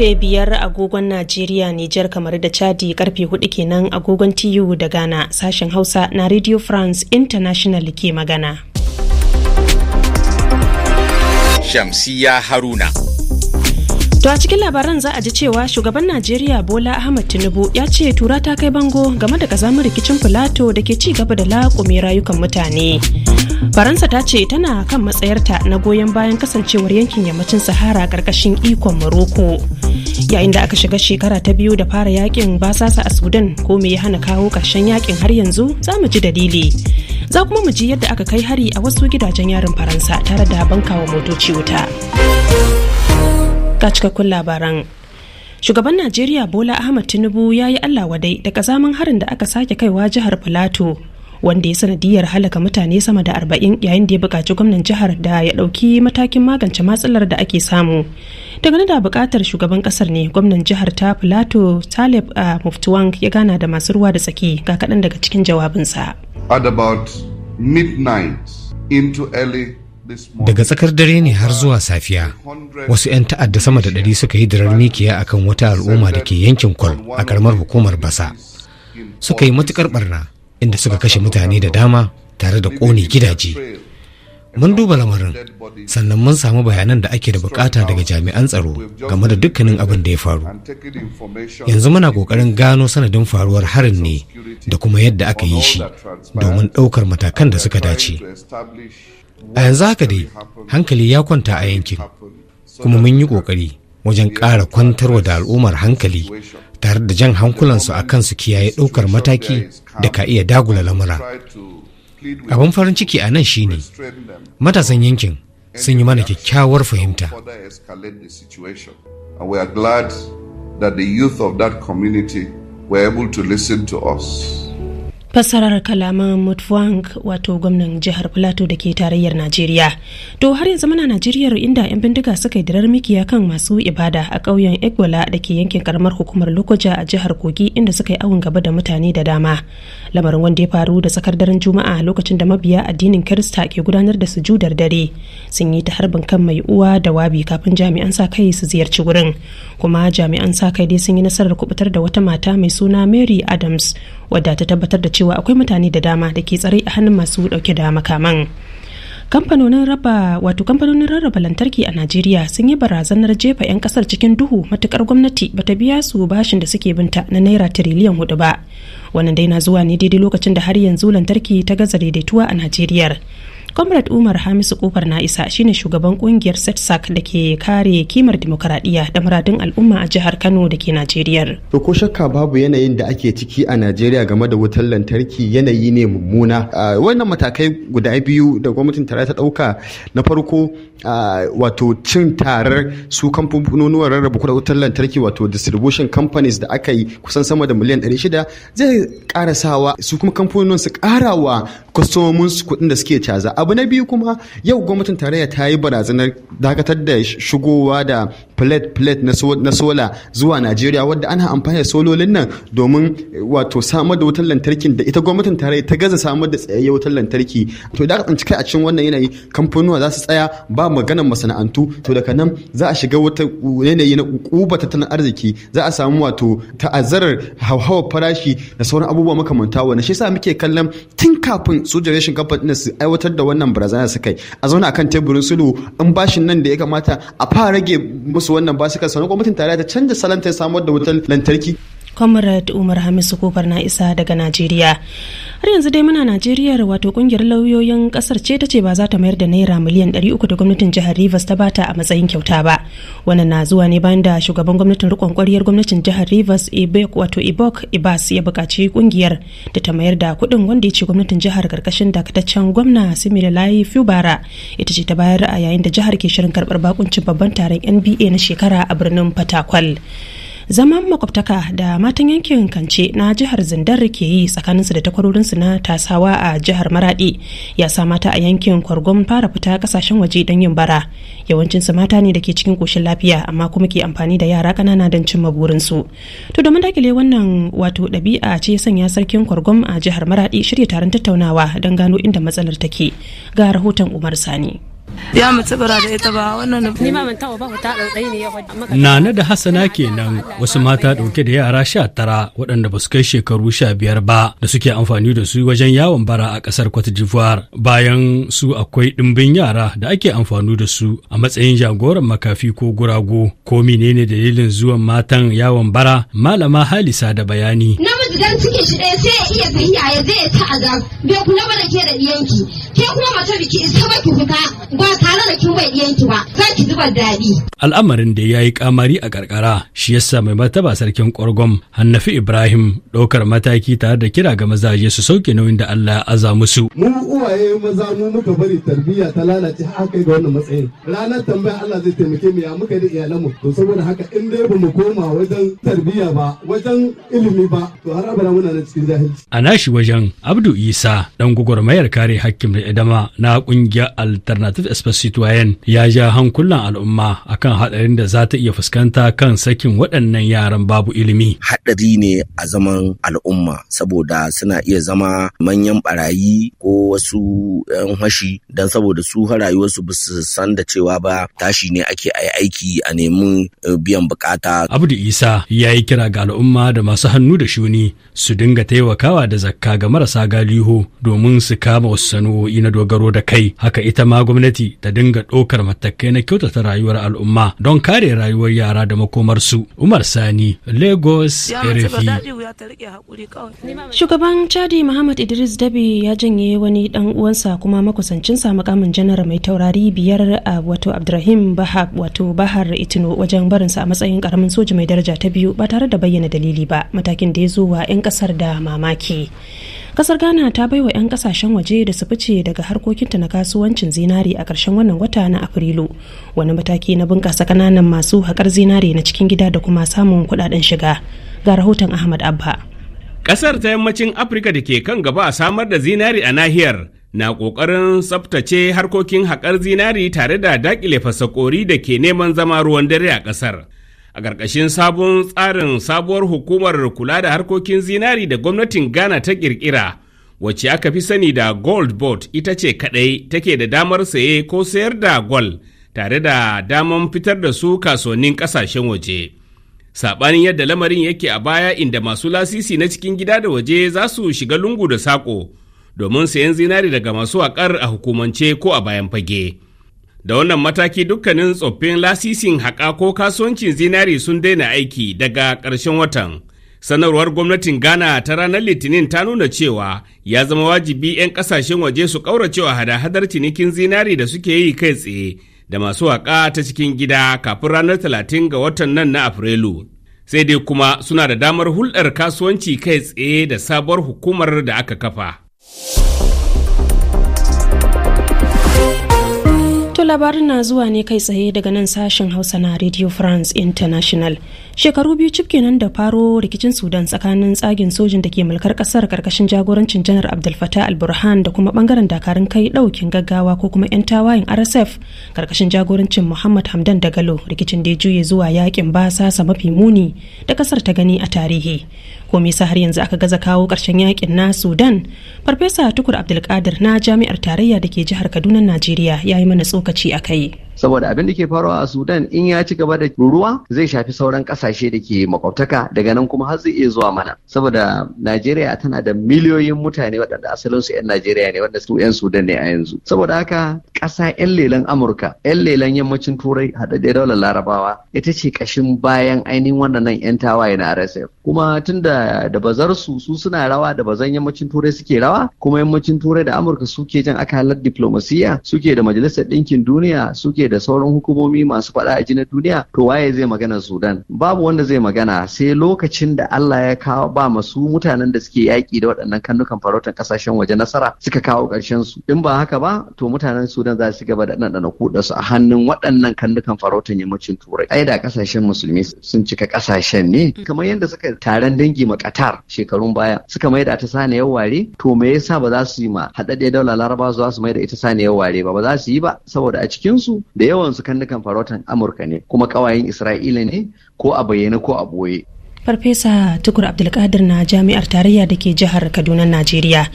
karfe biyar agogon Najeriya Nijar kamar da Chadi karfe hudu kenan agogon TU da Ghana sashen Hausa na Radio France International ke magana. Shamsiya Haruna. To a cikin labaran za a ji cewa shugaban Najeriya Bola Ahmed Tinubu ya ce tura ta kai bango game da kazamin rikicin Filato da ke ci gaba da laƙume rayukan mutane. Faransa ta ce tana kan matsayarta na goyon bayan kasancewar yankin yammacin Sahara ƙarƙashin ikon Morocco. Yayin da aka shiga shekara ta biyu da fara yakin basasa a Sudan ko me ya hana kawo ƙarshen yakin har yanzu za mu ji dalili. Za kuma mu ji yadda aka kai hari a wasu gidajen yarin Faransa tare da bankawa motoci wuta. ga cikakkun labaran shugaban najeriya bola ahmad tinubu ya yi allah wadai da kazamin harin da aka sake kaiwa jihar plateau wanda ya sanadiyar halaka mutane sama da arba'in yayin da ya buƙaci gwamnan jihar da ya ɗauki matakin magance matsalar da ake samu dangane da buƙatar shugaban ƙasar ne gwamnan jihar ta plateau talib a muftuwang ya gana da masu ruwa da tsaki ga kaɗan daga cikin jawabinsa at about midnight into early daga tsakar dare ne har zuwa safiya wasu 'yan ta'adda sama da ɗari suka yi dirar mikiya a kan wata al'umma da ke yankin kwal a karamar hukumar basa suka yi matuƙar barna inda suka kashe mutane da dama tare da ƙone gidaje mun duba lamarin sannan mun samu bayanan da ake da bukata daga jami'an tsaro game da dukkanin abin da ya faru yanzu muna kokarin gano sanadin faruwar harin ne da kuma yadda aka yi shi domin ɗaukar matakan da suka dace a yanzu haka dai hankali ya kwanta a yankin kuma mun yi ƙoƙari wajen ƙara kwantarwa da al'ummar hankali tare da jan hankulansu a kan su kiyaye ɗaukar mataki da ka iya dagula lamura abin farin ciki a nan shine matasan yankin sun yi mana kyakkyawar fahimta glad that the youth of that community were able to listen to us. fassarar kalaman mutfwang wato gwamnan jihar plateau da ke tarayyar najeriya to har yanzu mana najeriyar inda 'yan bindiga suka yi dirar mikiya kan masu ibada a ƙauyen egwala da ke yankin karamar hukumar lokoja a jihar kogi inda suka yi awon gaba da mutane da dama lamarin wanda ya faru da tsakar daren juma'a lokacin da mabiya addinin kirista ke gudanar da sujudar dare sun yi ta harbin kan mai uwa da wabi kafin jami'an sa kai su ziyarci wurin kuma jami'an sa kai dai sun yi nasarar kubutar da wata mata mai suna mary adams wadda ta tabbatar da cewa akwai mutane da dama da ke tsare a hannun masu dauke da makaman kamfanonin raba wato kamfanonin rarraba lantarki a najeriya sun yi barazanar jefa 'yan kasar cikin duhu matukar gwamnati bata biya su bashin da suke binta na naira tiriliyan hudu ba wannan dai na zuwa ne daidai lokacin da har yanzu lantarki ta gaza daidaituwa a najeriya comrade umar hamisu kofar na isa shine shugaban kungiyar setsac da ke kare kimar demokaradiyya da muradin al'umma a jihar kano da ke najeriya to ko shakka babu yanayin da ake ciki a najeriya game da wutar lantarki yanayi ne mummuna wannan matakai guda biyu da gwamnatin tare ta ɗauka na farko wato cin tarar su kamfanonuwar rarraba kuɗa wutar lantarki wato distribution companies da aka yi kusan sama da miliyan 600 zai ƙara sawa su kuma kamfanonin su ƙara wa kwastomomin su kuɗin da suke caza abu na biyu kuma yau gwamnatin tarayya ta yi barazanar dakatar da shigowa da plate plate na sola zuwa najeriya wadda ana amfani da sololin nan domin eh, wato samar da wutar lantarkin da ita gwamnatin tarayya ta gaza samar da tsayayyen wutar lantarki to idan aka tsinci kai a cikin wannan yanayi kamfanuwa za su tsaya ba maganar masana'antu to daga nan za a shiga wata yanayi na kuba tattalin arziki za a samu wato ta'azzarar hauhawar farashi da sauran abubuwa makamanta wannan shi yasa muke kallon tun kafin su generation company su aiwatar da wannan barazana su kai a zauna akan teburin sulu in bashin nan da ya kamata a fara rage musu su wannan ba su kan sanar gwamnatin tarayya ta canza salon ta samar da wutar lantarki comrade umar hamisu kofar na isa daga najeriya har yanzu dai muna najeriya wato kungiyar lauyoyin kasar ce ta ce ba za ta mayar da naira miliyan 300 da gwamnatin jihar rivers ta bata a matsayin kyauta ba wannan na zuwa ne bayan da shugaban gwamnatin rikon kwariyar gwamnatin jihar rivers ibek wato ibok ibas ya buƙaci kungiyar da ta mayar da kuɗin wanda ya ce gwamnatin jihar karkashin dakataccen gwamna similalayi fubara ita ce ta bayar a yayin da jihar ke shirin karɓar bakuncin babban taron nba na shekara a birnin fatakwal. zaman makwabtaka da matan yankin kance na jihar zindar ke yi tsakanin su da takwarorin su na tasawa a jihar maradi ya sa mata a yankin kwargon fara fita kasashen waje don yin bara yawancin su mata ne da ke cikin koshin lafiya amma kuma ke amfani da yara ƙanana don cimma burinsu to domin dakile wannan wato ɗabi'a ce sanya sarkin kwargon a jihar maradi shirya taron tattaunawa don gano inda matsalar take ga rahoton umar sani ya mace bara da ita ba wannan ni ma ban ba ta ne Nana da Hassana kenan wasu mata dauke da yara sha tara waɗanda ba su kai shekaru sha biyar ba da suke amfani da su wajen yawon bara a ƙasar Cote d'Ivoire bayan su akwai ɗimbin yara da ake amfani da su a matsayin jagoran makafi ko gurago ko menene dalilin zuwan matan yawon bara malama Halisa da bayani. idan cikin shi ɗaya sai ya iya tahiya ya zai ta azab bai kula ba da ke da ɗiyanki ke kuma mace biki isa ba ki fita ba tare da kin bai ɗiyanki ba za ki zuba daɗi. al'amarin da ya yi kamari a karkara shi yasa mai martaba sarkin kwargwam hannafi ibrahim ɗaukar mataki tare da kira ga mazaje su sauke nauyin da allah ya aza musu. mu uwaye maza mu muka bari tarbiyya ta lalace kai ga wannan matsayin ranar tambaya allah zai taimake mu ya muka da iyalanmu to saboda haka in dai ba mu koma wajen tarbiyya ba wajen ilimi ba to har a nashi wajen abdu isa dan gwagwarmayar kare hakkin da idama na kungiyar alternative espacitoyen ya ja hankulan al'umma akan hadarin da za ta iya fuskanta kan sakin waɗannan yaran babu ilimi hadari ne a zaman al'umma saboda suna iya zama manyan barayi ko wasu 'yan hashi don saboda su rayuwarsu ba su san da cewa ba tashi ne ake aiki a nemi eh, biyan bukata. Abdu Isa ya yi kira ga al'umma da masu hannu da shuni su dinga taimakawa da zakka ga marasa galiho domin su kama wasu sana'o'i na dogaro da kai haka ita ma gwamnati ta dinga ɗaukar matakai na kyautata rayuwar al'umma don kare rayuwar yara da makomarsu umar sani lagos rfi shugaban chadi muhammad idris dabi ya janye wani dan uwansa kuma makusancinsa makamin janar mai taurari biyar a wato abdurrahim bahab wato bahar itino wajen barinsa a matsayin karamin soja mai daraja ta biyu ba tare da bayyana dalili ba matakin da ya zo wa wa 'yan kasar da mamaki kasar ghana ta baiwa 'yan kasashen waje da su fice daga harkokinta na kasuwancin zinari a ƙarshen wannan wata na afrilu wani mataki na bunƙasa ƙananan masu haƙar zinari na cikin gida da kuma samun kuɗaɗen shiga ga rahoton ahmad abba ƙasar ta yammacin afirka da ke kan gaba a samar da zinari a nahiyar na ƙoƙarin tsabtace harkokin haƙar zinari tare da daƙile fasakori da ke neman zama ruwan dare a ƙasar a ƙarƙashin sabon tsarin sabuwar hukumar kula da harkokin zinari da gwamnatin ghana ta ƙirƙira wacce aka fi sani da gold board ita ce kaɗai take da damar saye ko sayar da gold tare da damar fitar da su kasuwannin ƙasashen waje saɓanin yadda lamarin yake a baya inda masu lasisi na cikin gida da waje za su shiga lungu da saƙo domin sayan zinari daga masu waƙar a hukumance ko a bayan fage. Da wannan mataki dukkanin tsoffin lasisin haƙa ko kasuwancin zinari sun daina aiki daga ƙarshen watan. Sanarwar gwamnatin Ghana ta ranar Litinin ta nuna cewa ya zama wajibi 'yan ƙasashen waje su cewa hada-hadar cinikin zinari da suke yi kai tsaye da masu waƙa ta cikin gida kafin ranar talatin ga watan nan na Afrilu. Sai dai kuma suna da damar hulɗar kasuwanci kai tsaye da sabuwar hukumar da aka kafa. wato labarin na zuwa ne kai tsaye daga nan sashen Hausa na Radio France International. Shekaru biyu cif kenan da faro rikicin Sudan tsakanin tsagin sojin da ke mulkar kasar karkashin jagorancin Janar Abdul Fattah al-Burhan da kuma bangaren dakarun kai daukin gaggawa ko kuma 'yan tawayen RSF karkashin jagorancin Muhammad Hamdan Dagalo rikicin da ya juye zuwa yakin basasa mafi muni da kasar ta gani a tarihi. komi sa har yanzu aka gaza kawo ƙarshen yakin na sudan farfesa tukur abdulkadir na jami'ar tarayya da ke jihar kaduna najeriya ya yi mana tsokaci a kai saboda abin da ke faruwa a Sudan in ya ci gaba da ruwa, zai shafi sauran kasashe da ke makwabtaka daga nan kuma har zai iya zuwa mana saboda Najeriya tana da miliyoyin mutane waɗanda asalin su 'yan Najeriya ne wanda su 'yan Sudan ne a yanzu saboda haka ƙasa 'yan lelen Amurka 'yan lelen yammacin Turai da daular Larabawa ita ce ƙashin bayan ainihin waɗannan 'yan tawaye na RSF kuma tunda da bazar su su suna rawa da bazan yammacin Turai suke rawa kuma yammacin Turai da Amurka suke jan akalar diplomasiya suke da majalisar ɗinkin duniya suke da sauran hukumomi masu faɗa a na duniya to waye zai magana sudan babu wanda zai magana sai lokacin da allah ya kawo ba masu mutanen da suke yaƙi da waɗannan kannukan farautan ƙasashen waje nasara suka kawo ƙarshen su in ba haka ba to mutanen sudan za su gaba da ɗanɗana kuɗa su a hannun waɗannan kannukan farautan yammacin turai ai da ƙasashen musulmi sun cika ƙasashen ne kamar yadda suka taron dangi ma qatar shekarun baya suka maida ta saniyar ware to me yasa ba za su yi ma haɗaɗɗiyar daular laraba za su maida ita saniyar ware ba ba za su yi ba saboda a cikin su da yawan su kandukan farautan amurka ne kuma kawayen isra'ila ne ko a bayyana ko a boye Farfesa Tukur Abdulkadir na Jami'ar Tarayya da ke jihar Kaduna, Najeriya.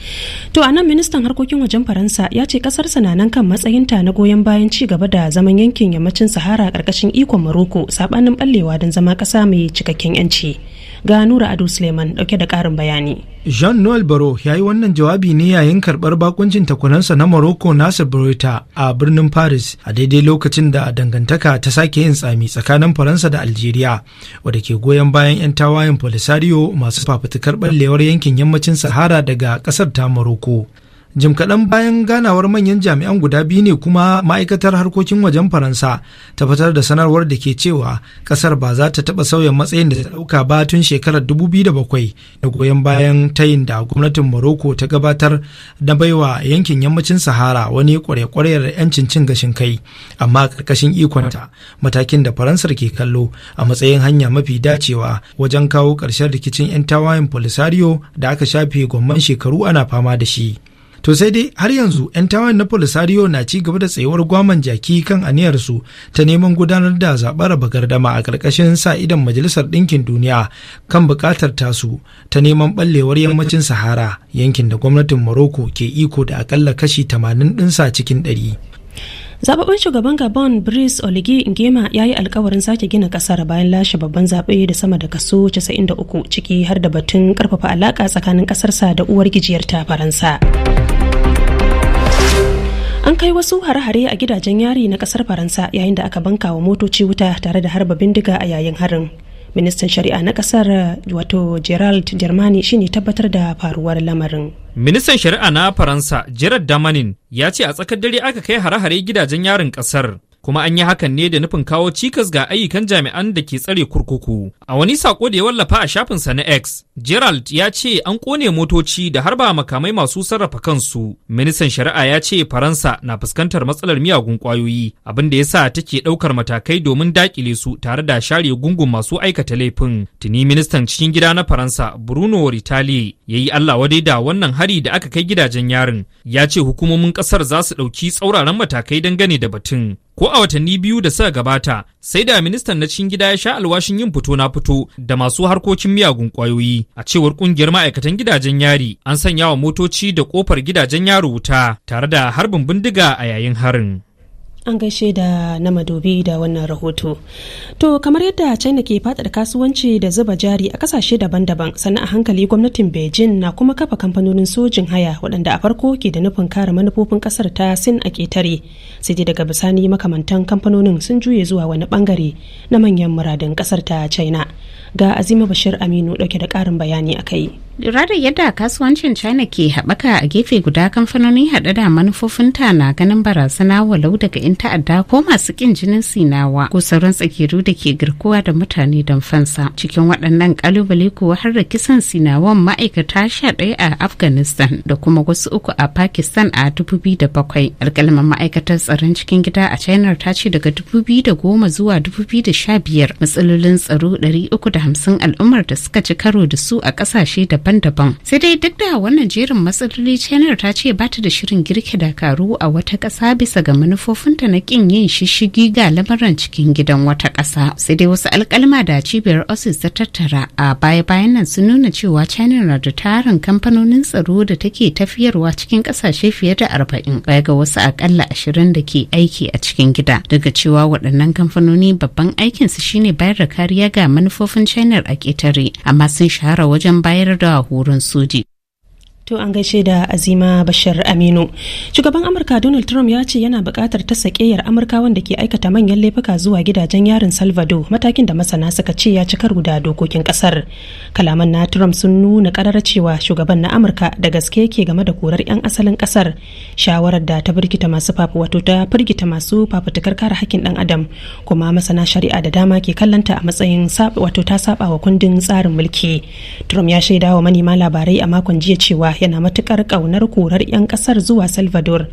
To a nan ministan harkokin wajen Faransa ya ce kasarsa na nan kan matsayinta na goyon bayan ci gaba da zaman yankin yammacin Sahara karkashin ikon Maroko saɓanin ɓallewa don zama ƙasa mai cikakken 'yanci. ga nura ado suleiman dauke da karin bayani jean noel baro ya yi wannan jawabi ne yayin karbar bakuncin takunansa na morocco nasir burita a birnin paris a daidai lokacin da dangantaka ta sake yin tsami tsakanin faransa da algeria wadda ke goyon bayan 'yan tawayen polisario masu fafutukar ballewar yankin yammacin sahara daga kasar ta morocco jim kaɗan bayan ganawar manyan jami'an guda biyu ne kuma ma'aikatar harkokin wajen faransa ta fitar da sanarwar da ke cewa ƙasar ba za ta taɓa sauya matsayin da ta ɗauka ba tun shekarar 2007 da goyon bayan tayin da gwamnatin morocco ta gabatar da baiwa yankin yammacin sahara wani kwarekwarewar 'yancin cin gashin kai amma ƙarƙashin ikonta matakin da faransar ke kallo a matsayin hanya mafi dacewa wajen kawo ƙarshen rikicin 'yan tawayen polisario da aka shafe gwamman shekaru ana fama da shi. To sai dai har yanzu 'yan tawayen na Polisario na ci gaba da tsayuwar gwaman jaki kan aniyarsu ta neman gudanar da zaɓen raba gardama a ƙarƙashin sa idan Majalisar Ɗinkin Duniya kan buƙatar tasu ta neman ɓallewar yammacin Sahara yankin da gwamnatin Morocco ke iko da aƙalla kashi 80 ɗinsa cikin ɗari. zababin shugaban gabon brice oligi ngema ya yi alkawarin sake gina kasar bayan lashe babban zaɓe da sama da kaso 93 ciki har da batun karfafa alaƙa tsakanin ƙasarsa da uwar gijiyarta faransa an kai wasu hare-hare a gidajen yari na kasar faransa yayin da aka banka wa motoci wuta tare da harba bindiga a yayin harin ministan shari'a na kasar wato gerald germani shine tabbatar da faruwar lamarin ministan shari'a na faransa gerald damanin ya ce a tsakar dare aka kai hare-hare gidajen yarin kasar kuma an yi hakan ne da nufin kawo cikas ga ayyukan jami'an da ke tsare kurkuku. A wani sako da ya wallafa a shafin sa na X, Gerald ya ce an kone motoci da har harba makamai masu sarrafa kansu. Ministan Shari'a ya ce Faransa na fuskantar matsalar miyagun kwayoyi, abin da ya sa take ɗaukar matakai domin daƙile su tare da share gungun masu aikata laifin. Tuni ministan cikin gida na Faransa Bruno Ritali ya yi Allah wadai da wannan hari da aka kai gidajen yarin. Ya ce hukumomin ƙasar za su ɗauki tsauraran matakai dangane da batun. ko a watanni biyu da suka gabata sai da ministan na cikin gida ya sha alwashin yin fito na fito da masu harkokin miyagun kwayoyi a cewar kungiyar ma'aikatan gidajen yari an sanya wa motoci da kofar gidajen yaro wuta tare da harbin bindiga a yayin harin an gaishe da na madobi da wannan rahoto to kamar yadda china ke faɗaɗa kasuwanci da zuba jari a kasashe daban-daban sannan a hankali gwamnatin beijing na kuma kafa kamfanonin sojin haya waɗanda a farko ke da nufin kare manufofin ƙasar ta sin a ƙetare sai dai daga bisani makamantan kamfanonin sun juye zuwa wani bangare na manyan muradin ƙasar ta china ga azima bashir aminu dauke da karin bayani a kai lura da yadda kasuwancin china ke haɓaka a gefe guda kamfanoni haɗe da manufofinta na ganin barazana walau daga 'yan ta'adda ko masu ƙin jinin sinawa ko sauran tsakiru da ke girkuwa da mutane don fansa cikin waɗannan ƙalubale kuwa har da kisan sinawan ma'aikata sha ɗaya a afghanistan da kuma wasu uku a pakistan a 2007 alƙalman ma'aikatar tsaron cikin gida a china ta ce daga 2010 zuwa 2015 matsalolin tsaro 300 da hamsin al'ummar da suka ci karo da su a kasashe daban-daban sai dai duk da wannan jerin matsaloli china ta ce ba ta da shirin girke dakaru a wata ƙasa bisa ga manufofinta na kin yin shishigi ga lamarin cikin gidan wata ƙasa sai dai wasu alkalma da cibiyar osis ta tattara a baya-bayan nan sun nuna cewa china na da tarin kamfanonin tsaro da take tafiyarwa cikin ƙasashe fiye da arba'in baya ga wasu akalla ashirin da ke aiki a cikin gida daga cewa waɗannan kamfanoni babban aikinsu shine bayar da kariya ga manufofin 'yan China a ƙetare amma sun shahara wajen bayar da horon soji. To an gaishe da Azima Bashir Aminu. Shugaban Amurka Donald Trump ya ce yana buƙatar ta sakeyar Amurka wanda ke aikata manyan laifuka zuwa gidajen yarin Salvador matakin da masana suka ce ya ci karu da dokokin ƙasar. Kalaman na Trump sun nuna ƙarar cewa shugaban na Amurka da gaske yake game da korar 'yan asalin ƙasar. Shawarar da ta firgita masu fafu ta firgita masu fafutukar kare hakkin ɗan adam kuma masana shari'a da dama ke kallanta a matsayin wato ta saba wa kundin tsarin mulki. Trump ya shaidawa manema labarai a makon jiya cewa yana matukar ƙaunar korar 'yan ƙasar zuwa Salvador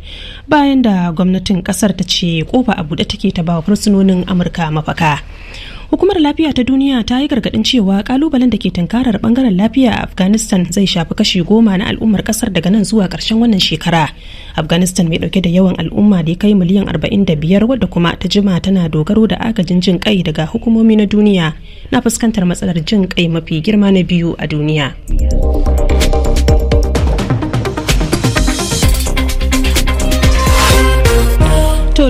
bayan da gwamnatin ƙasar ta ce kofa a bude take ta bawa fursunonin Amurka mafaka. Hukumar lafiya ta duniya ta yi gargadin cewa kalubalen da ke tunkarar bangaren lafiya a Afghanistan zai shafi kashi goma na al'ummar kasar daga nan zuwa ƙarshen wannan shekara. Afghanistan mai dauke da yawan al'umma da ya kai miliyan 45 wadda kuma ta jima tana dogaro da agajin jin kai daga hukumomi na duniya na fuskantar matsalar jin kai mafi girma na biyu a duniya.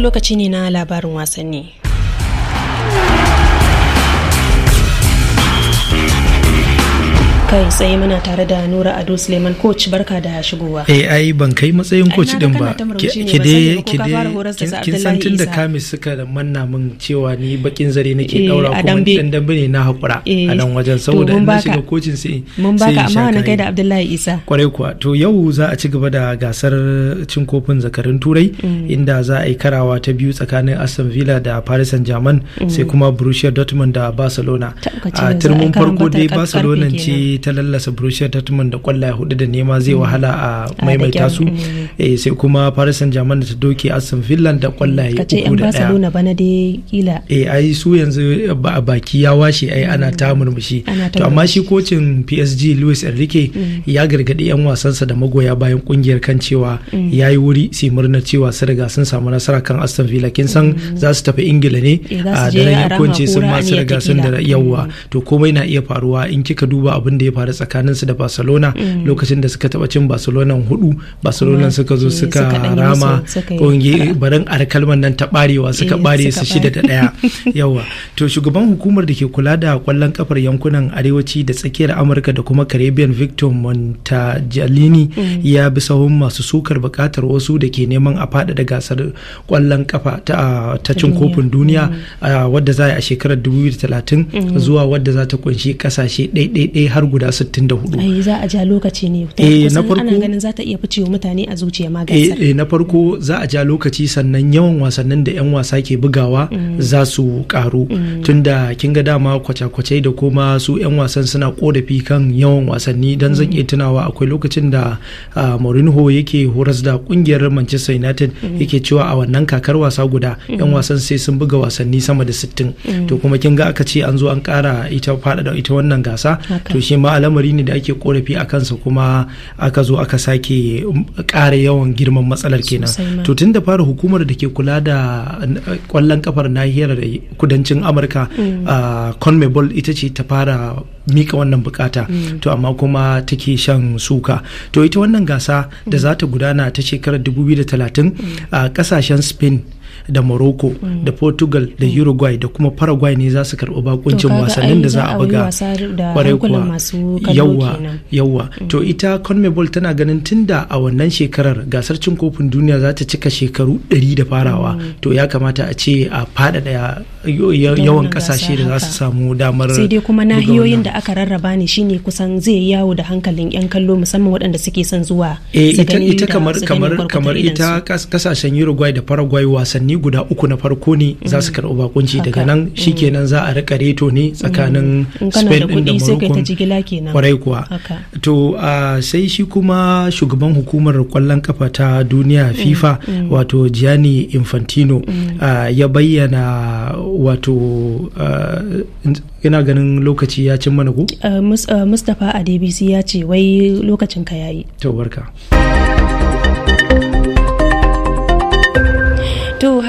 lokaci ne na labarin wasanni. kai tsaye muna tare da nura ado suleiman coach barka da shigowa eh ai ban kai matsayin coach din ba ki dai ki dai kin san tun da kami suka da manna min cewa ni bakin zare nake eh, daura kuma dan dambe ne na hakura a eh, nan wajen saboda in shiga coaching sai mun baka amma na kai da abdullahi isa kwarai kuwa to yau za a ci gaba da gasar cin kofin zakarin turai mm. inda za a yi karawa ta biyu tsakanin aston villa da paris saint germain sai mm. kuma borussia dortmund da barcelona a turmin farko dai barcelona ce ta lallasa Borussia Dortmund da kwallaye hudu da nema zai mm. wahala a ah, maimaita su mm. eh, sai kuma Paris Saint-Germain da ta doke Aston Villa da kwallaye uku da daya. bana dai eh, su yanzu a baki ya washe ai ana mm. ta murmushi. To amma shi kocin PSG Luis Enrique ya gargadi yan wasansa da magoya bayan kungiyar kan cewa ya yi wuri sai murna cewa su riga sun samu nasara kan Aston Villa kin san za su tafi Ingila ne eh, a daren yakunci sun ma su riga sun da yawa to komai na iya faruwa in kika duba abin da da ya faru tsakanin da barcelona mm. lokacin da suka taba cin barcelona hudu barcelona mm. suka zo eh, suka rama barin alkalman nan ta barewa eh, suka bare su shida da daya yawa to shugaban hukumar da ke kula da kwallon kafar yankunan arewaci da tsakiyar amurka da kuma caribbean victor montajalini mm. ya bi sahun masu sukar bukatar wasu da ke neman a da gasar kwallon kafa ta cin kofin duniya wadda za a shekarar 2030 zuwa wadda za ta kunshi kasashe ɗaiɗaiɗai har guda 64 za a ja lokaci ne E na farko ana ganin za ta iya ficewa mutane a zuciya ma E na farko za a ja lokaci sannan yawan wasannin da yan wasa ke bugawa mm. za su karu mm. tunda kin ga dama kwace-kwace da kuma su yan wasan suna korafi kan yawan wasanni dan zan mm. iya tunawa akwai lokacin da ah, Mourinho yake horas da kungiyar Manchester United yake cewa a wannan kakar wasa guda yan wasan sai sun buga wasanni sama da 60 to kuma kin ga aka ce an zo an kara ita fada da ita wannan gasa to shi ma al'amari ne da ake korafi a kansa kuma aka zo aka sake ƙara yawan girman matsalar kenan to tun da fara hukumar da ke kula da kwallon kafar nahiyar kudancin amurka mm. conmebol ita ce ta fara mika wannan bukata mm. to amma kuma take shan suka to ita wannan gasa da mm. za ta gudana ta shekarar 2030 a kasashen spain da morocco da mm. portugal da mm. uruguay da kuma paraguay ne za su karɓi bakuncin wasannin da za a buga kwarai kuwa yawwa yawwa to mm. ita conmebol tana ganin tunda a wannan shekarar gasar cin kofin duniya za ta cika shekaru 100 da farawa to ya kamata a ce a faɗaɗa yawan kasashe da za su samu damar sai dai kuma nahiyoyin da aka rarraba ne shine kusan zai yawo da hankalin 'yan kallo musamman waɗanda suke son zuwa eh, ita kamar kamar ita kasashen uruguay da paraguay wasanni wasanni guda uku na farko ne za su mm. karɓi bakunci daga nan mm. shikenan za a rika reto ne tsakanin mm. spain din da morocco kwarai kuwa to sai shi kuma shugaban hukumar kwallon kafa ta duniya fifa wato gianni infantino ya bayyana wato ina ganin lokaci ya cin mana mustapha a ya ce wai lokacin ka yayi. to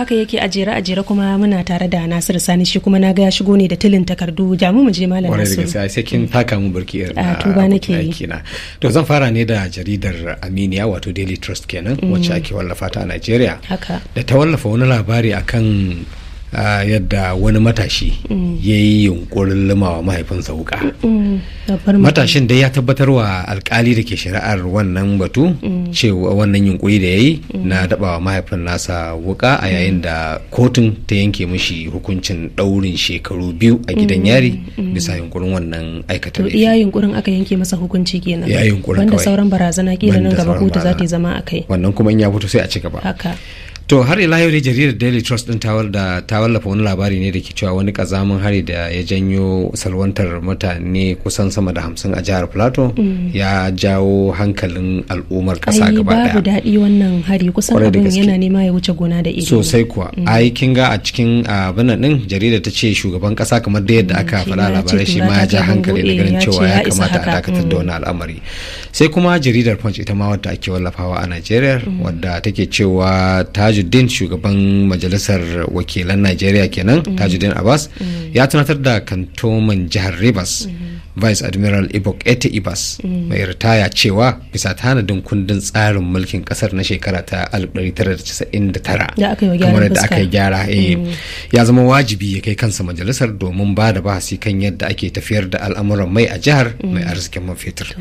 haka yake a jere a jere kuma muna tare da Nasiru Sani shi kuma na ga ya shigo ne da tilin takardu jamu mu je malam Nasiru. Wani daga sai kin taka mu burki irin a tuba nake yi. To zan fara ne da jaridar Aminiya wato Daily Trust kenan wacce mm. ake wallafa ta a Najeriya. Haka. Da ta wallafa wani labari akan yadda wani matashi mm. ya yi yunkurin limawa mahaifinsa wuka mm, matashin dai ya tabbatar wa alkali da ke shari'ar wannan batu mm. cewa wannan yunkuri da ya yi na dabawa mahaifin nasa wuka a yayin da kotun ta yanke mashi hukuncin daurin shekaru biyu a gidan yari bisa yunkurin wannan aikata laifi ya yunkurin aka yanke masa hukunci kenan wanda sauran barazana kila nan gaba kotu za ta zama akai wannan kuma in ya fito sai a ci gaba to har ila yau jaridar daily trust din tawar da ta wallafa wani labari ne da ke cewa wani kazamin hari da ya janyo salwantar mutane kusan sama da hamsin a jihar plato mm. ya jawo hankalin al'ummar kasa gaba daya babu daɗi wannan hari kusan abin yana nema ya wuce gona da iri sosai kuwa mm. ai kin ga a cikin abin din jaridar ta ce shugaban kasa kamar da yadda mm, aka faɗa labarai shi ma ya ja hankali da eh, ganin cewa ya kamata a dakatar da wani al'amari sai kuma jaridar punch ita ma wadda ake wallafawa a najeriya wadda take cewa ta tajuddin shugaban majalisar wakilan najeriya kenan mm-hmm. tajuddin abbas mm-hmm. ya tunatar da kantoman jihar rivers mm-hmm. vice admiral ibok ete ibas mai ritaya cewa bisa tanadin kundin tsarin mulkin kasar na shekara ta 1999 kamar da aka yi gyara eh, ya zama wajibi ya kai kansa majalisar domin ba da bahasi kan yadda ake tafiyar da al'amuran mai a jihar mai arzikin man fetur.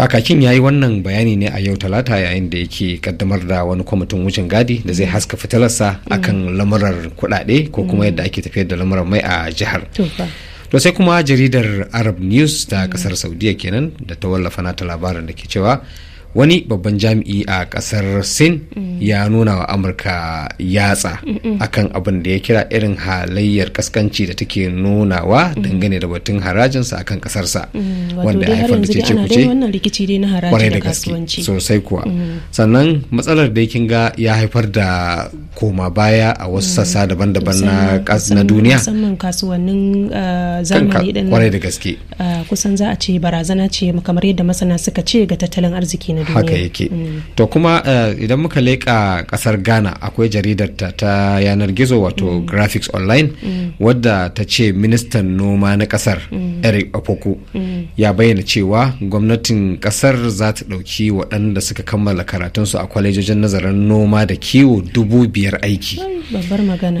kakakin ya yi wannan bayani ne a yau talata yayin da yake kaddamar da wani kwamitin wucin gadi da zai haska fitilarsa akan mm. lamurar kuɗaɗe ko kuma mm. yadda ake tafiyar da lamurar mai a jihar to sai kuma jaridar arab news ta kasar saudiya kenan da ta wallafa nata labarin da ke cewa wani babban jami'i a kasar sin ya nuna wa amurka yatsa mm, mm. akan abin da ya kira irin halayyar kaskanci da take nunawa mm. dangane da batun harajinsa akan kasarsa wanda ya haifar da cece kuce kwarai da gaske sosai kuwa sannan matsalar da kin ga ya haifar da koma baya a wasu sassa daban-daban na duniya musamman kasuwannin uh, zamani kwarai da gaske uh, kusan za a ce barazana ce kamar yadda masana suka ce ga tattalin arziki na haka yake mm. to kuma eh, idan muka leƙa ƙasar ghana akwai jaridar ta ta yanar gizo wato mm. graphics online mm. wadda ta ce ministan noma na ƙasar eric opoku ya bayyana cewa gwamnatin ƙasar za ta ɗauki waɗanda suka kammala karatunsu a kwalejojin nazarin noma da kiwo dubu biyar aiki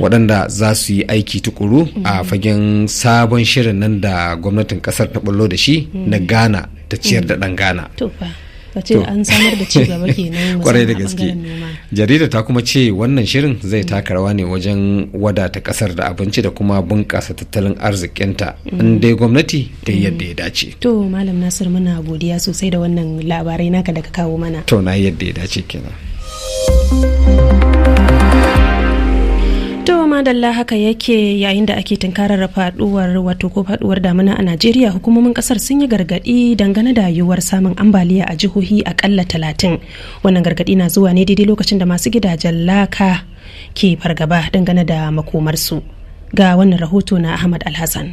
waɗanda za su yi aiki tukuru a fagen sabon shirin nan da gwamnatin ƙasar ta bullo da shi na ghana ta ciyar da ɗan ghana an samar kwarai da gaske jarida ta kuma ce wannan shirin zai mm. taka rawa ne wajen wadata kasar da abinci da kuma bunƙasa tattalin arzikinta mm. in dai gwamnati ta mm. yadda ya dace to malam nasir muna godiya sosai da wannan labarai naka da ka kawo mana to na yadda ya dace kenan madalla haka yake yayin da ake tunkarar faduwar wato ko faduwar damina a najeriya hukumomin kasar sun yi gargadi dangane da yiwuwar samun ambaliya a jihohi akalla talatin wannan gargadi na zuwa ne daidai lokacin da masu gidajen laka ke fargaba dangane da makomarsu ga wannan rahoto na ahmad alhassan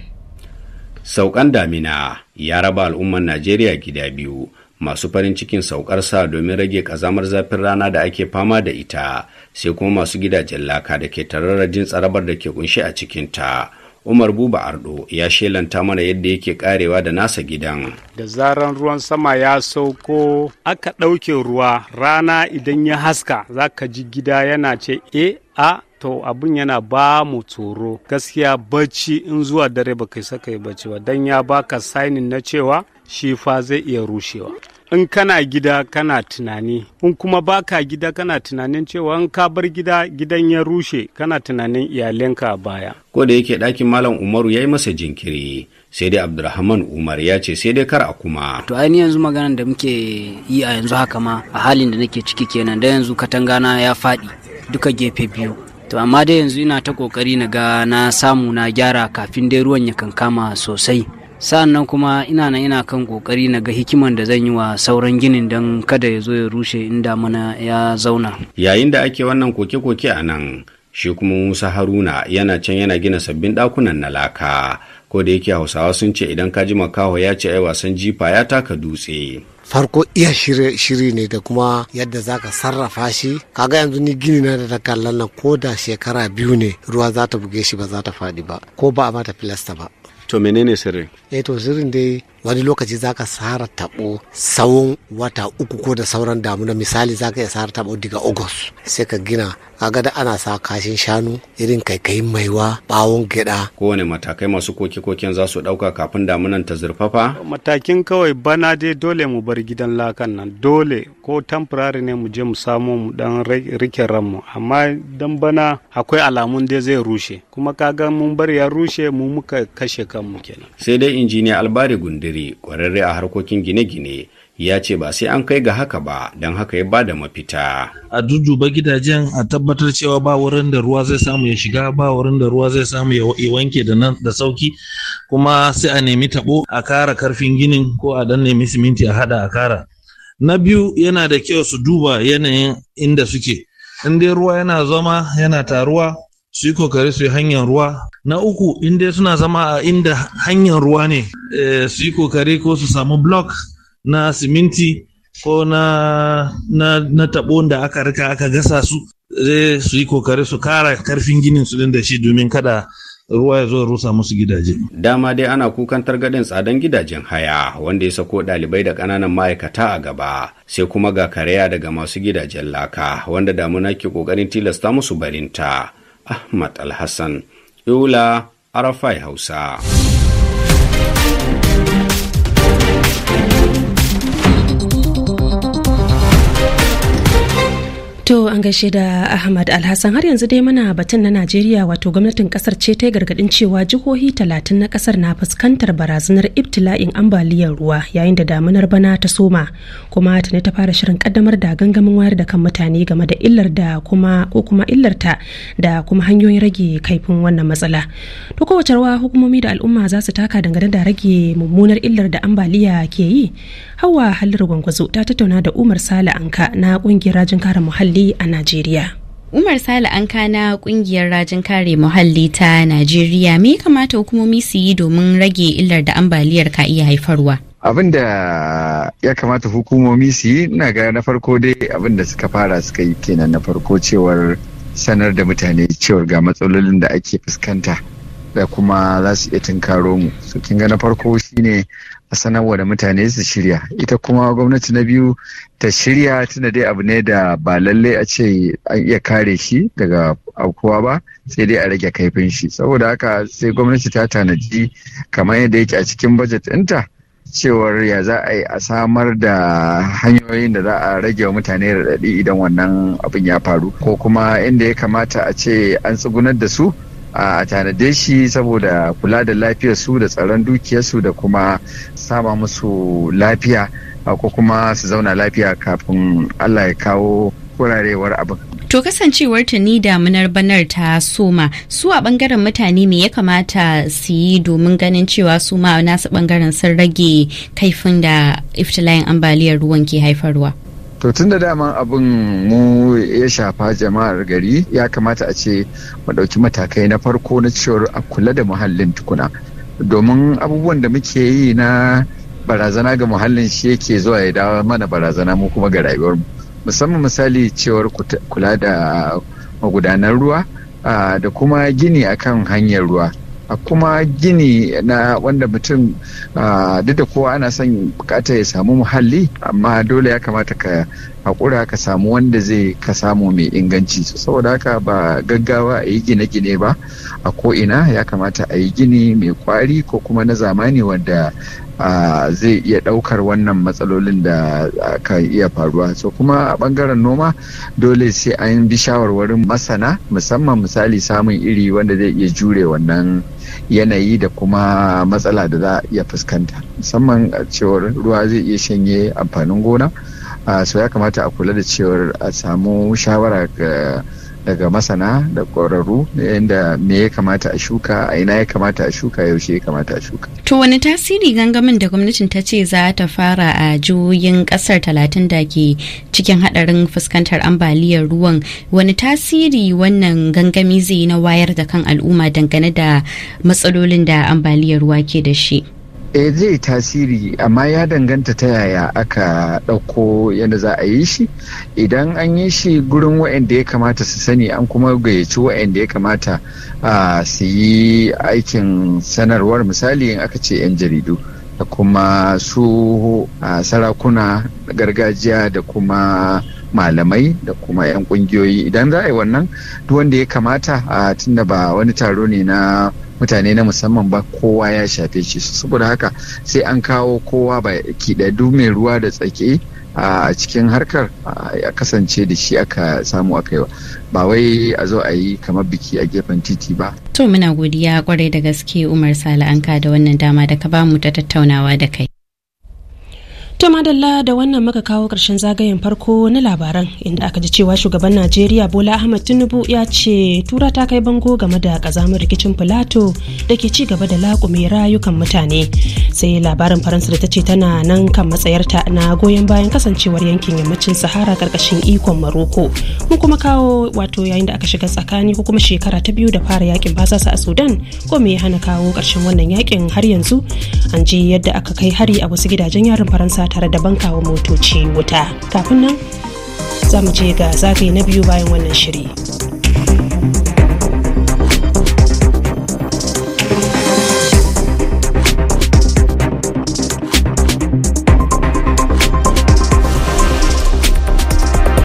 saukan damina ya raba al'ummar najeriya gida biyu masu farin cikin saukar sa domin rage kazamar zafin rana da ake fama da ita sai kuma masu gidajen laka da ke tararrajin tsarabar da ke kunshi a ta umar buba ardo ya shelanta mana yadda yake karewa da nasa gidan da zaran ruwan sama ya sauko aka ɗauke ruwa rana idan ya haska za ka ji gida yana ce e a to abin yana ba mu tsoro gaskiya bacci in zuwa dare ba kai saka yi bacci ba don ya baka sainin na cewa shi fa zai iya rushewa in kana gida kana tunani in kuma baka gida kana tunanin cewa in ka bar gida gidan ya rushe kana tunanin iyalinka baya ko da yake ɗakin malam umaru ya yi masa jinkiri sai dai abdulrahman umar ya ce sai dai kar a kuma to ainihin yanzu maganar da muke yi a yanzu haka ma a halin da nake ciki kenan da yanzu katangana ya faɗi duka gefe biyu to amma dai yanzu ina ta kokari na ga na samu na gyara kafin dai ruwan ya kankama sosai sa'an nan kuma ina nan ina kan kokari na ga hikiman da zan yi wa sauran ginin don kada ya zo ya rushe inda mana ya zauna yayin da ake wannan koke-koke a nan shi kuma musa haruna yana can yana gina sabbin dakunan na laka ko da yake hausawa sun ce idan ka ji makaho ya ce ai wasan jifa ya taka dutse farko iya shiri ne da kuma yadda za ka sarrafa shi kaga yanzu ni gini na da kallon ko da shekara biyu ne ruwa za ta buge shi ba za ta faɗi ba ko ba a mata filasta ba to menene sirrin e to sirrin dai wani lokaci zaka sara tabo tsawon wata uku ko da sauran damuna misali zaka iya sara tabo daga august sai ka gina kaga da ana sa kashin shanu irin kai kai maiwa bawon gida kowane matakai masu koke-koken za su dauka kafin damunan ta zurfafa matakin kawai bana dai dole mu bar gidan lakan nan dole ko tamfurari ne mu je mu samu mu dan rike ranmu amma dan bana akwai alamun dai zai rushe kuma kaga mun bar ya rushe mu muka kashe kanmu kenan sai dai injiniya albari gundiri Kadiri kwararre a harkokin gine-gine ya ce ba sai an kai ga haka ba don haka ya ba da mafita. A ba gidajen a tabbatar cewa ba wurin da ruwa zai samu ya shiga ba wurin da ruwa zai samu ya wanke da nan da sauki kuma sai a nemi tabo a kara karfin ginin ko a dan nemi siminti a hada a kara. Na biyu yana da kyau su duba yanayin inda suke. In dai ruwa yana zama yana taruwa su yi kokari su yi hanyar ruwa na uku inda suna zama a inda hanyar ruwa ne eh, su yi kokari ko su samu block na siminti ko na na, na tabo da aka rika aka gasa su zai su yi kokari su kara karfin ginin su da shi domin kada ruwa ya zo rusa musu gidaje. Dama dai ana kukan targaɗin tsadan gidajen haya wanda ya sako ɗalibai da ƙananan ma'aikata a gaba sai kuma ga karaya daga masu gidajen laka wanda damuna ke ƙoƙarin tilasta musu barinta. Ahmad Alhassan, Yola, Arafai Hausa. To an gaishe da Ahmad Alhassan har yanzu dai mana batun na Najeriya wato gwamnatin kasar ce ta gargadin cewa jihohi talatin na kasar na fuskantar barazanar ibtila'in ambaliyar ruwa yayin da damunar bana ta soma kuma ta ne ta fara shirin kaddamar da gangamin wayar da kan mutane game da illar da kuma ko kuma illarta da kuma hanyoyin rage kaifin wannan matsala. To kowace rawa hukumomi da al'umma za su taka dangane da rage mummunar illar da ambaliya ke yi hawa halar gwangwazo ta tattauna da umar sale anka na kungiyar rajin kare muhalli a najeriya umar sale anka na kungiyar rajin kare muhalli ta najeriya me kamata hukumomi su yi domin rage illar da ambaliyar ka iya haifarwa abin da ya kamata hukumomi su yi ina ga na farko dai abin da suka fara suka yi kenan na farko cewar sanar da mutane cewar ga matsalolin da ake fuskanta da kuma za su iya tunkaro mu so kin ga na farko shine a sanarwa da mutane su shirya ita kuma gwamnati na biyu ta shirya tunda dai abu ne da ba lallai a ce an iya kare shi daga aukuwa ba sai dai a rage kaifin shi saboda haka sai gwamnati ta tanaji kamar yadda yake a cikin bajet ɗinta cewar ya za a yi a samar da hanyoyin da za a rage wa mutane raɗaɗi idan wannan abin ya faru ko kuma inda ya kamata a ce an tsugunar da su a tanade shi saboda kula da lafiyarsu da tsaron dukiyarsu da kuma saba musu lafiya ko kuma su zauna lafiya kafin allah ya kawo kurarewar abin To kasancewar ta ni banar ta soma su a bangaren mutane me ya kamata su yi domin ganin cewa su ma nasu bangaren sun rage kaifin da iftilayin ambaliyar ruwan ke haifarwa. to tun da dama abin mu ya shafa jama'ar gari ya kamata a ce mu ɗauki matakai na farko na cewar a kula da muhallin tukuna domin abubuwan da muke yi na barazana ga muhallin shi yake zuwa ya dawo mana barazana mu kuma ga rayuwarmu musamman misali cewar kula da magudanar ruwa ah, da kuma gini akan hanyar ruwa a kuma gini na wanda mutum duk da kowa ana son bukata ya samu muhalli amma dole ya kamata ka hakura ka samu wanda zai ka samu mai inganci saboda haka ba gaggawa a yi gine-gine ba a ko'ina ya kamata a yi gini mai kwari ko kuma na zamani wanda zai iya ɗaukar wannan matsalolin da ka iya faruwa so kuma a ɓangaren noma dole sai an bi shawarwarin masana musamman misali samun iri wanda zai iya jure wannan yanayi da kuma matsala da za a iya fuskanta musamman cewar ruwa zai iya shanye amfanin gona so ya kamata a kula da cewar a samu shawara ga daga masana da ƙwararru yadda me ya kamata a shuka a ina ya kamata a shuka yaushe ya kamata a shuka. To wani tasiri gangamin da gwamnatin ta ce za ta fara a jihohin ƙasar talatin da ke cikin haɗarin fuskantar ambaliyar ruwan wani tasiri wannan gangami zai yi na wayar da kan al'umma dangane da matsalolin da ambaliyar ruwa ke da shi. eh zai tasiri amma ya danganta ta yaya aka ɗauko yadda za a yi shi idan an yi shi gurin wa'anda ya kamata su sani an kuma gayyaci wa'anda ya kamata su yi aikin sanarwar misali in aka ce 'yan jaridu da kuma su sarakuna gargajiya da kuma malamai da kuma 'yan kungiyoyi idan za a yi wannan duk wanda ya kamata tunda ba wani taro ne na mutane na musamman ba kowa ya shafe shi saboda haka sai an kawo kowa ba kiɗadu mai ruwa da tsaki a cikin harkar a kasance da shi aka samu aka yi ba wai a zo a yi kamar biki a gefen titi ba. To muna godiya kwarai da gaske Umar Sale Anka da wannan dama da ka bamu ta tattaunawa da kai. To madalla da wannan muka kawo ƙarshen zagayen farko na labaran inda aka ji cewa shugaban Najeriya Bola Ahmed Tinubu ya ce tura ta kai bango game da kazamin rikicin Filato da ke ci gaba da laƙume rayukan mutane. Sai labarin Faransa da ta ce tana nan kan matsayarta na goyon bayan kasancewar yankin yammacin Sahara karkashin ikon Maroko. Mun kuma kawo wato yayin da aka shiga tsakani ko kuma shekara ta biyu da fara yakin basasa a Sudan ko me ya hana kawo ƙarshen wannan yakin har yanzu an ji yadda aka kai hari a wasu gidajen yarin Faransa tare da bankawa motoci wuta kafin nan za mu je ga zafi na biyu bayan wannan shiri